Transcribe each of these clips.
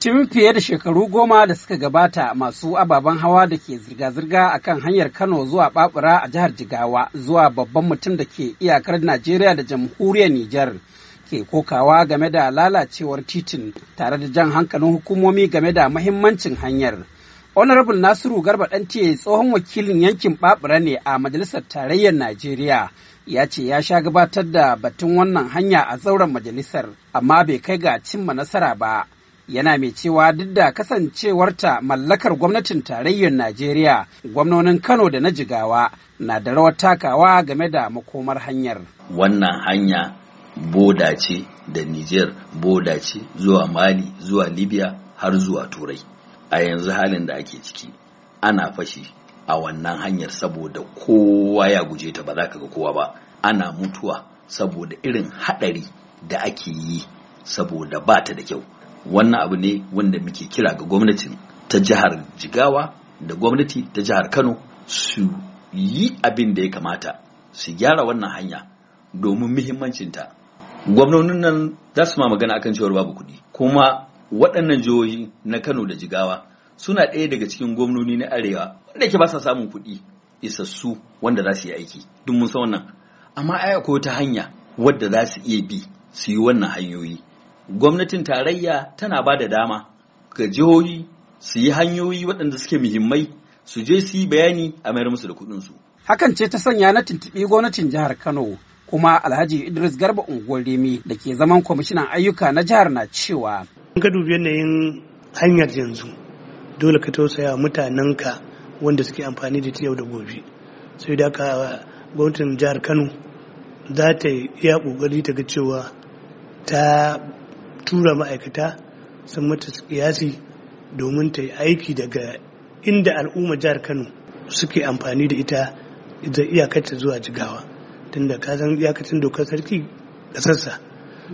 Tun fiye da shekaru goma da suka gabata masu ababen hawa da ke zirga-zirga a kan hanyar Kano zuwa Babura a jihar Jigawa zuwa babban mutum da ke iyakar Najeriya da jamhuriyar Nijar ke kokawa game da lalacewar titin tare da jan hankalin hukumomi game da mahimmancin hanyar. Honorable Nasiru Garba Dantiye tsohon wakilin yankin Babura ne a Majalisar Tarayyar Najeriya ya ce ya sha gabatar da batun wannan hanya a zauren majalisar amma bai kai ga cimma nasara ba. yana mai cewa duk da kasancewarta mallakar gwamnatin tarayyar najeriya gwamnonin kano da na jigawa na da rawar takawa game da makomar hanyar wannan hanya boda ce da niger boda ce zuwa mali zuwa libya har zuwa turai a yanzu halin da ake ciki ana fashi a wannan hanyar saboda kowa ya guje ta ba za ka ga kowa ba ana mutuwa saboda irin haɗari da ake yi saboda ba ta da kyau wannan abu ne wanda muke kira ga gwamnatin ta jihar jigawa da gwamnati ta jihar kano su yi abin da ya kamata su gyara wannan hanya domin muhimmancinta gwamnonin nan za su ma magana akan cewar babu kuɗi kuma waɗannan jihohi na kano da jigawa suna ɗaya daga cikin gwamnoni na arewa wanda ke ba sa samun kuɗi isassu wanda za su yi aiki duk mun san wannan amma ai akwai wata hanya wadda za su iya bi su yi wannan hanyoyi gwamnatin tarayya tana ba da dama ga jihohi su yi hanyoyi waɗanda suke muhimmai su je su yi bayani a mayar musu da kuɗinsu. Hakan ce ta sanya na tuntuɓi gwamnatin jihar Kano kuma Alhaji Idris Garba unguwar Remi da ke zaman kwamishinan ayyuka na jihar na cewa. In ka dubi yanayin hanyar yanzu dole ka tausaya mutanenka wanda suke amfani da yau da gobe. Sai da ka gwamnatin jihar Kano za ta iya ƙoƙari ta ga cewa ta tura ma'aikata sun mata kiyasi domin ta yi aiki daga inda al'umma jihar kano suke amfani da ita idan iyakarta zuwa jigawa tunda ka san iyakacin dokar sarki ƙasarsa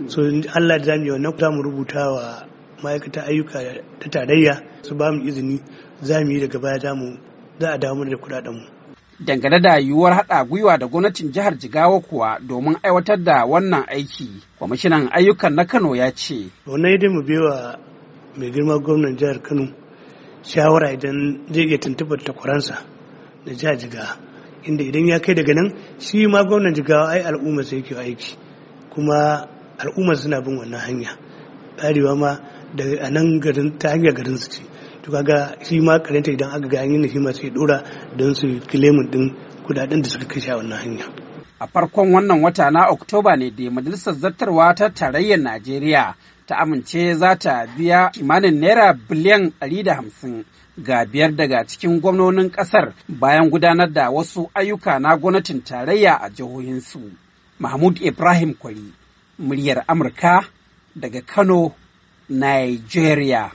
so allah da zamu yi wannan za mu rubuta wa ma'aikata ayyuka ta tarayya su ba mu izini za mu yi daga baya za mu za a damu da kudaden mu dangane da yiwuwar haɗa gwiwa da gwamnatin jihar jigawa kuwa domin aiwatar da wannan aiki kwamishinan ayyukan na kano ya ce wannan dai mu wa mai girma gwamnan jihar kano shawara idan zai iya tuntuɓar takwaransa na jihar jigawa inda idan ya kai daga nan shi ma gwamnan jigawa ai al'umma sai yake aiki kuma al'umma suna bin wannan hanya arewa ma daga nan garin ta hanyar garin su ce to kaga shi ma karanta idan aka ga an yi shi ma sai dora don su kilemin din kudaden da suka kashe a wannan hanya a farkon wannan wata na oktoba ne da majalisar zartarwa ta tarayyar najeriya ta amince za ta biya kimanin naira biliyan 150 ga biyar daga cikin gwamnonin kasar bayan gudanar da wasu ayyuka na gwamnatin tarayya a jihohinsu. Mahmud Ibrahim Kwari, muryar Amurka daga Kano, Nigeria.